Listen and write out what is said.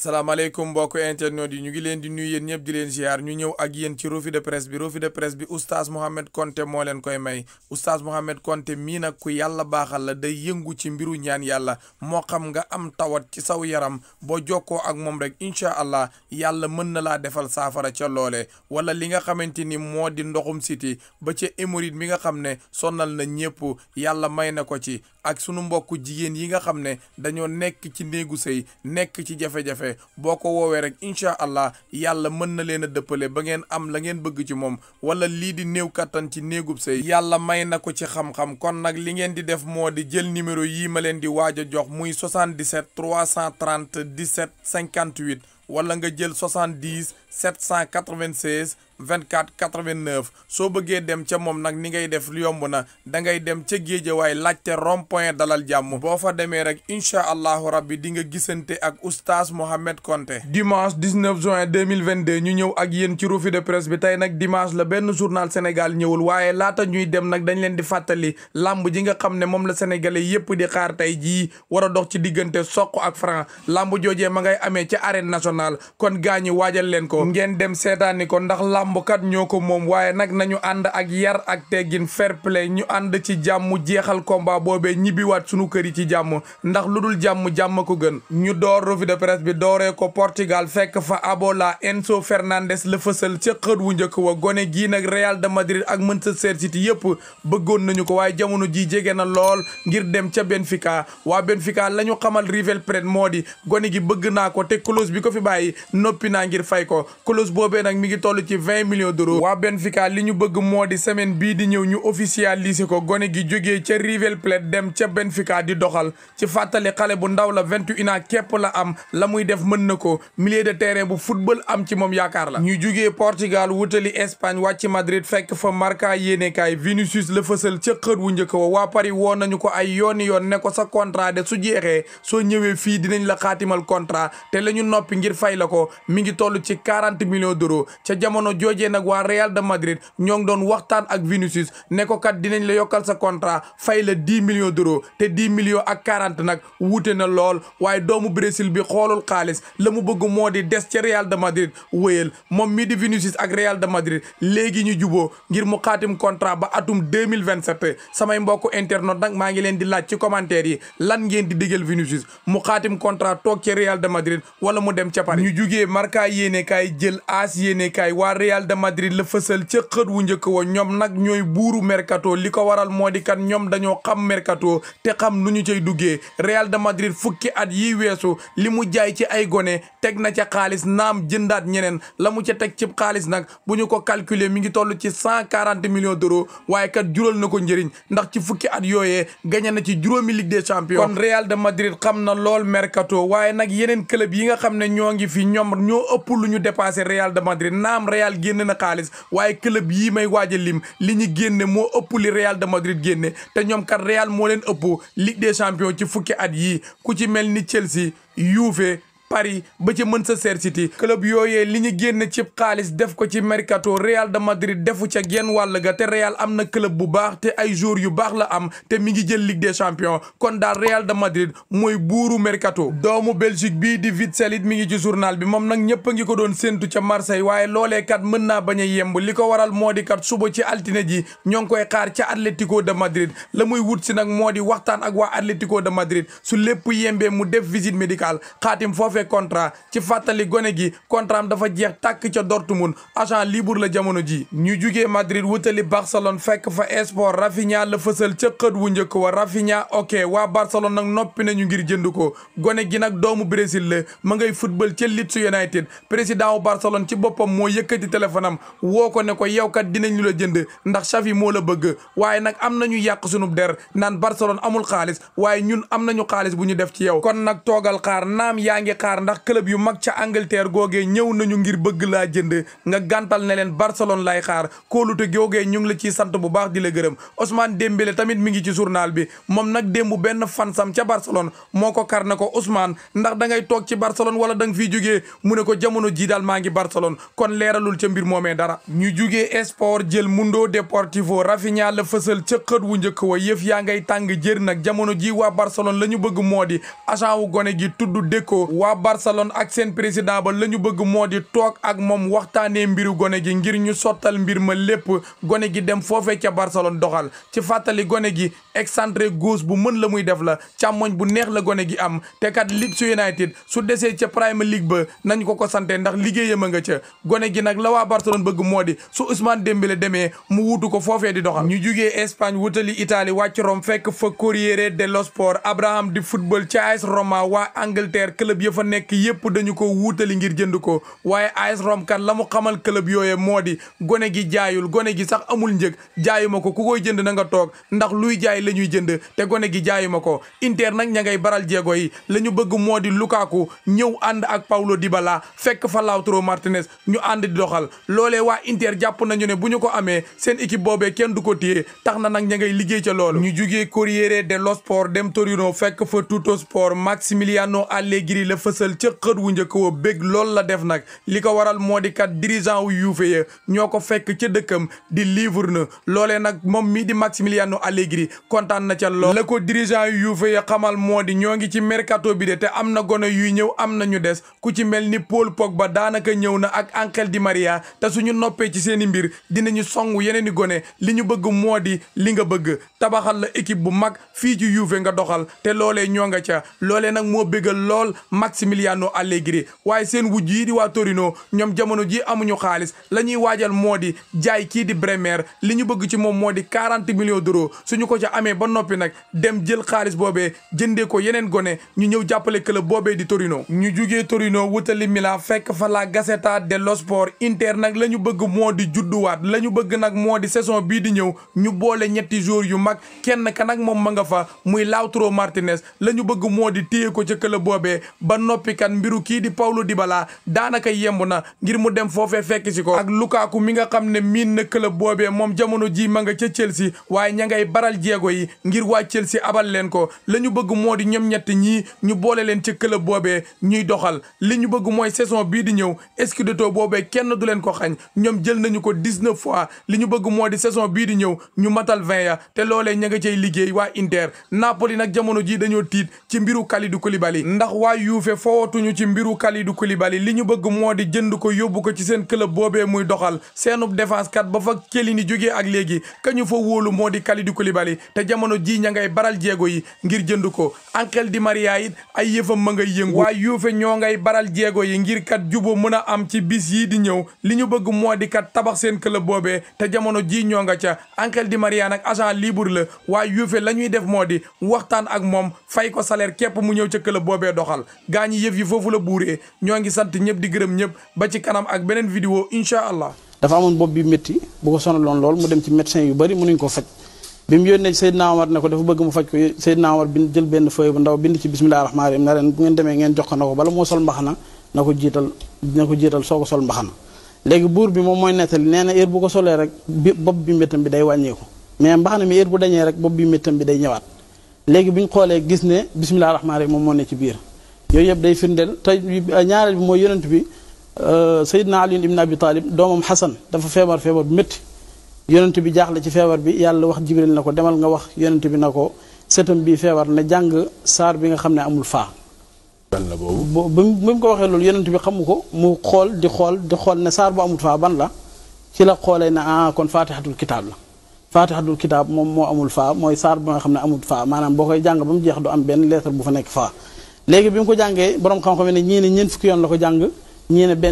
salaamaaleykum mbokk internet yi ñu ngi leen di nuyu yéen ñëpp di leen ziar ñu ñëw ak yéen ci revue de presse bi revue de presse bi oustaz Mohamed Konté moo leen koy may oustaz Mohamed Konté mii nag ku yàlla baaxal la day yëngu ci mbiru ñaan yàlla moo xam nga am tawat ci saw yaram boo jokkoo ak moom rek incha allah yàlla mën na laa defal saafara ca loole wala li nga xamante ni moo di ndoxum siti ba ci hémorroïde mi nga xam ne sonnal na ñëpp yàlla may na ko ci ak sunu mbokku jigéen yi nga xam ne dañoo nekk ci néegu sëy nekk ci jafe boo ko woowee rek incha allah yàlla mën na leen a dëppale ba ngeen am la ngeen bëgg ci moom wala lii di néew kattan ci néegub sëy yàlla may na ko ci xam-xam kon nag li ngeen di def moo di jël numéro yii ma leen di waaj a jox muy cent 77 330 17 58 wala nga jël 70 796 24 89 soo bëggee dem ca moom nag ni ngay def yomb na da ngay dem ca géejawaay laajte rond point dalal jàmm boo fa demee rek incha allahu rabbi di nga gisante ak oustaz Mohamed Konté dimanche 19 juin 2022 ñu ñëw ak yéen ci revue de presse bi tey nag dimanche la benn journal Sénégal ñëwul waaye laata ñuy dem nag dañ leen di fàttali làmb ji nga xam ne moom la sénégalais yépp di xaar tey jii war dox ci diggante Sokh ak Franc lamb joojee ma ngay amee ca arène nationale kon gaañi waajal leen ko ko ngeen dem seetaani ko ndax làmbkat ñoo ko moom waaye nag nañu ànd ak yar ak teggin fair play ñu ànd ci jàmm jeexal combat boobe ñibbiwaat sunu kër yi ci jàmm ndax lu dul jàmm jàmm ko gën ñu door revue de presse bi dooree ko Portugal fekk fa Abola Enzo Fernandes la fësal ca xët wu njëkk wa gone gii nag Real de Madrid ak Manchester City yëpp bëggoon nañu ko waaye jamono ji jege na lool ngir dem ca Benfica waa Benfica la ñu xamal River Plate moo di gone gi bëgg naa ko te clause bi ko fi bàyyi noppi naa ngir fay ko clause boobee nag mi ngi toll ci vingt millions d'euros waa Benfica li ñu bëgg moo di semaine bii di ñëw ñu officialiser ko gone gi jógee ca River Plate dem ca Benfica di doxal ci fàttali xale bu ndaw la vingt et képp la am la muy def mën na ko milieu de terrain bu football am ci moom yaakaar la ñu jógee Portugal wutali Espagne wàcc Madrid fekk fa Marca yéenekaay Vinicius la fësal ca xët wu njëkk waa Paris woo nañu ko ay yooni yoon ne ko sa contrat de su jeexee soo ñëwee fii dinañ la xaatimal contrat te la ñu noppi ngir fay la ko 40 millions d'euros ca jamono joojee nag waa Real de Madrid ñoo ngi doon waxtaan ak Vinicius ne ko kat dinañ la yokkal sa contrat fay la 10 millions d'euros te 10 millions ak 40 nag wuute na lool waaye doomu Brésil bi xoolul xaalis la mu bëgg moo di des ca Real de Madrid wéyal moom mii di Vinicius ak Real de Madrid léegi ñu juboo ngir mu xaatim contrat ba atum 2027 samay mbokku internet nag maa ngi leen di laaj ci commentaire yi lan ngeen di digal Vinicius mu xaa contrat toog ca Real dem ca lay jël aas waa Real de Madrid la fësal ca xët wu njëkk wa ñoom nag ñooy buuru mercato li ko waral moo di kan ñoom dañoo xam mercato te xam lu ñu cay duggee Real de Madrid fukki at yi weesu li mu jaay ci ay gone teg na ca xaalis naam jëndaat ñeneen la mu ca teg ci xaalis nag bu ñu ko calculer mi ngi toll ci cent quarante millions d'euros waaye kat na ko njëriñ ndax ci fukki at yooyee gañe na ci juróomi Ligue des Champions kon Real de Madrid xam na lool mercato waaye nag yeneen club yi nga xam ne ñoo ngi fi ñoom ñoo ëpp lu ñu def dépassé Real de Madrid naam Real génne na xaalis waaye club yii may waaj a lim li ñu génne moo ëpp li Real de Madrid génne te ñoom kat Real moo leen ëpp Ligue des champions ci fukki at yi ku ci mel ni Chelsea Juve Paris ba ci Manchester City club yooyee li ñu génn cib xaalis def ko ci mercato Real de Madrid defu ca genn wàll ga te Real am na club bu baax te ay joueurs yu baax la am te mi ngi jël Ligue des champions kon daal Real de Madrid mooy buuru mercato. doomu Belgique bii di Vitzelit mi ngi ci journal bi moom nag ñëpp ngi ko doon séntu ca Marseille waaye loolee kat mën naa bañ a yemb li ko waral moo di kat suba ci altine ji ñoo ngi koy xaar ca Atlético de Madrid la muy wut si nag moo di waxtaan ak waa de Madrid su lépp yembee mu def visite médicale coupé contrat ci fàttali gone gi contrat am dafa jeex tàkk ca Dortmund agent libre la jamono ji ñu jugee Madrid wutali Barcelone fekk fa Esport Rafinha la fësal ca wu njëkk wa Rafinha ok waa Barcelone nag noppi nañu ngir jënd ko gone gi nag doomu Brésil la ma ngay football ca Leeds United président wu Barcelone ci boppam moo yëkkati téléphone am woo ko ne ko yow kat dinañu la jënd ndax Xavi moo la bëgg waaye nag am nañu yàq sunub der naan Barcelone amul xaalis waaye ñun am nañu xaalis bu ñu def ci yow Qatar ndax club yu mag ca Angleterre googee ñëw nañu ngir bëgg laa jënd nga gantal ne leen Barcelone lay xaar kóolute googee ñu ngi la ciy sant bu baax di la gërëm Ousmane Dembélé tamit mi ngi ci journal bi moom nag démb benn fan fansam ca Barcelone moo ko kar ne ko Ousmane ndax da ngay toog ci Barcelone wala da nga fiy jógee mu ne ko jamono jii daal maa ngi Barcelone kon leeralul ca mbir moomee dara ñu jugee sport jël Mundo Deportivo Rafinha la fësal ca xët wu njëkk wa yëf yaa ngay tàng jër nag jamono ji waa Barcelone la ñu bëgg moo di agent Barcelone ak seen président ba la ñu bëgg moo di toog ak moom waxtaanee mbiru gone gi ngir ñu sottal mbir ma lépp gone gi dem foofee ca Barcelone doxal ci fàttali gone gi excentré gauche bu mën la muy def la càmmoñ bu neex la gone gi am te kat Leeds United su desee ca Premier League ba nañ ko ko sante ndax liggéeyam a nga ca gone gi nag la waa Barcelone bëgg moo di su Ousmane Dembélé demee mu wuutu ko foofee di doxal ñu jugee Espagne wutali Italie wàcc Rome fekk fa Corriere dello Sport Abraham di football nekk yépp dañu ko wuutali ngir jënd ko waaye AS Rome kan la mu xamal club yooye moo di gone gi jaayul gone gi sax amul njëg jaayuma ko ku koy jënd na nga toog ndax luy jaay la ñuy jënd te gone gi jaayuma ko Inter nag ña ngay baral jéego yi la ñu bëgg moo di Lukaku ñëw ànd ak di balaa fekk fa Lautaro Martinez ñu ànd di doxal loolee waa Inter jàpp nañu ne bu ñu ko amee seen équipe boobee kenn du ko téye tax na nag ña ngay liggéey ca loolu ñu jugee Corriere dello Sport dem fësal ca xët wu njëkk wa bég lool la def nag li ko waral moo di kat dirigeant wu yuufe ya ñoo ko fekk ca dëkkam di livre na loolee nag moom mii di Maximiliano Allegri kontaan na ca lool la yu yuufe xamal moo di ñoo ngi ci mercato bi de te am na gone yuy ñëw am na ñu des ku ci mel ni Paul ba daanaka ñëw na ak Angel Di Maria te suñu noppee ci seeni mbir dinañu songu yeneen i gone li ñu bëgg moo di li nga bëgg tabaxal la équipe bu mag fii ci yuufe nga doxal te loole ñoo nga ca loolee nag moo bégal lool Maximiliano Massimiliano Allegri waaye seen wujj yi di waa Torino ñoom jamono ji amuñu xaalis la ñuy waajal moo di jaay kii di Bremer li ñu bëgg ci moom moo di quarante millions d'euros suñu ko ca amee ba noppi nag dem jël xaalis boobee jëndee ko yeneen gone ñu ñëw jàppale club boobee di Torino ñu jugee Torino wutali Milan fekk fa la Gazzetta dello Sport Inter nag la ñu bëgg moo di judduwaat la ñu bëgg nag moo di saison bii di ñëw ñu boole ñetti joueurs yu mag kenn ka nag moom ma nga fa muy Lautaro Martinez la ñu bëgg moo di ko ca boobee noppikat mbiru kii di di Dybala daanaka yemb na ngir mu dem foofee fekk si ko ak Lukaku mi nga xam ne miin na club boobee moom jamono ji ma nga ca Chelsea waaye ña ngay baral jéego yi ngir waa Chelsea abal leen ko la ñu bëgg moo di ñoom ñett ñii ñu boole leen ca club boobee ñuy doxal li ñu bëgg mooy saison bii di ñëw scudetto boobee kenn du leen ko xañ ñoom jël nañu ko dix-neuf fois li ñu bëgg moo di saison bii di ñëw ñu matal vingt ya te loolee ña nga cay liggéey waa Inter Napoli nag jamono ji dañoo tiit ci mbiru Kalidou Koulibaly fowatuñu ci mbiru Kalidou Koulibaly li ñu bëgg moo di jënd ko yóbbu ko ci seen club boobee muy doxal seenub défense kat ba fa këli ni jógee ak léegi ka ñu fa wóolu moo di Kalidou Koulibaly te jamono ji ña ngay baral jéego yi ngir jënd ko Angel Di Maria it ay yëfam ma ngay yëngu waaye yuufe ñoo ngay baral jéego yi ngir kat juboo mën a am ci bis yii di ñëw li ñu bëgg moo di kat tabax seen club boobee te jamono ji ñoo nga ca Angel Di Maria nag agent libre la waa yuufe la ñuy def moo di waxtaan ak moom fay ko salaire képp mu ñëw ca club boobee doxal ñi yëf yi foofu la buuree ñoo ngi sant ñëpp di gërëm ñëpp ba ci kanam ak beneen vidéo incha allah. dafa amoon bopp bi métti bu ko sonaloon lool mu dem ci médecin yu bari mënuñ ko faj bi mu yónnee Seydina Omar ne ko dafa bëgg mu faj ko Seydina Omar bind jël benn feuille bu ndaw bind ci bisimilah rahmaani rahiim na leen bu ngeen demee ngeen jox ko na ko bala moo sol mbaxana na ko jiital na ko jiital soo ko sol mbaxana léegi buur bi moom mooy nettali nee na heure bu ko solee rek bi bopp bi méttam bi day wàññeeku mais mbaxana mi heure bu dañee rek bopp bi méttam bi day ñëwaat léegi bu ñu xoolee gis ne bisimilah rahmaani rahiim moom moo ne ci biir yooyu yëpp day firndeel te ñaareel bi mooy yonent bi euh, Seydina Ali ibn Abi Talib doomam Xasan dafa feebar feebar bu métti yonent bi jaaxle ci feebar bi yàlla wax Jibril na ko demal nga wax yonent bi na ko sëtam bii feebar na jàng saar bi nga xam ne amul faa. ban la boobu ba mu ko waxee loolu yonent bi xamu ko mu xool di xool di xool ne saar bu amul la ci la xoolee ne ah kon faatixatul kitaab la. faatixatul kitaab moom moo amul faa mooy saar bi nga xam ne amul faa maanaam boo koy jàng ba mu jeex du am benn lettre bu fa nekk faa. léegi bi mu ko jàngee borom xam-xam ne ñii ne ñeent fukki yoon la ko jàng ñii benn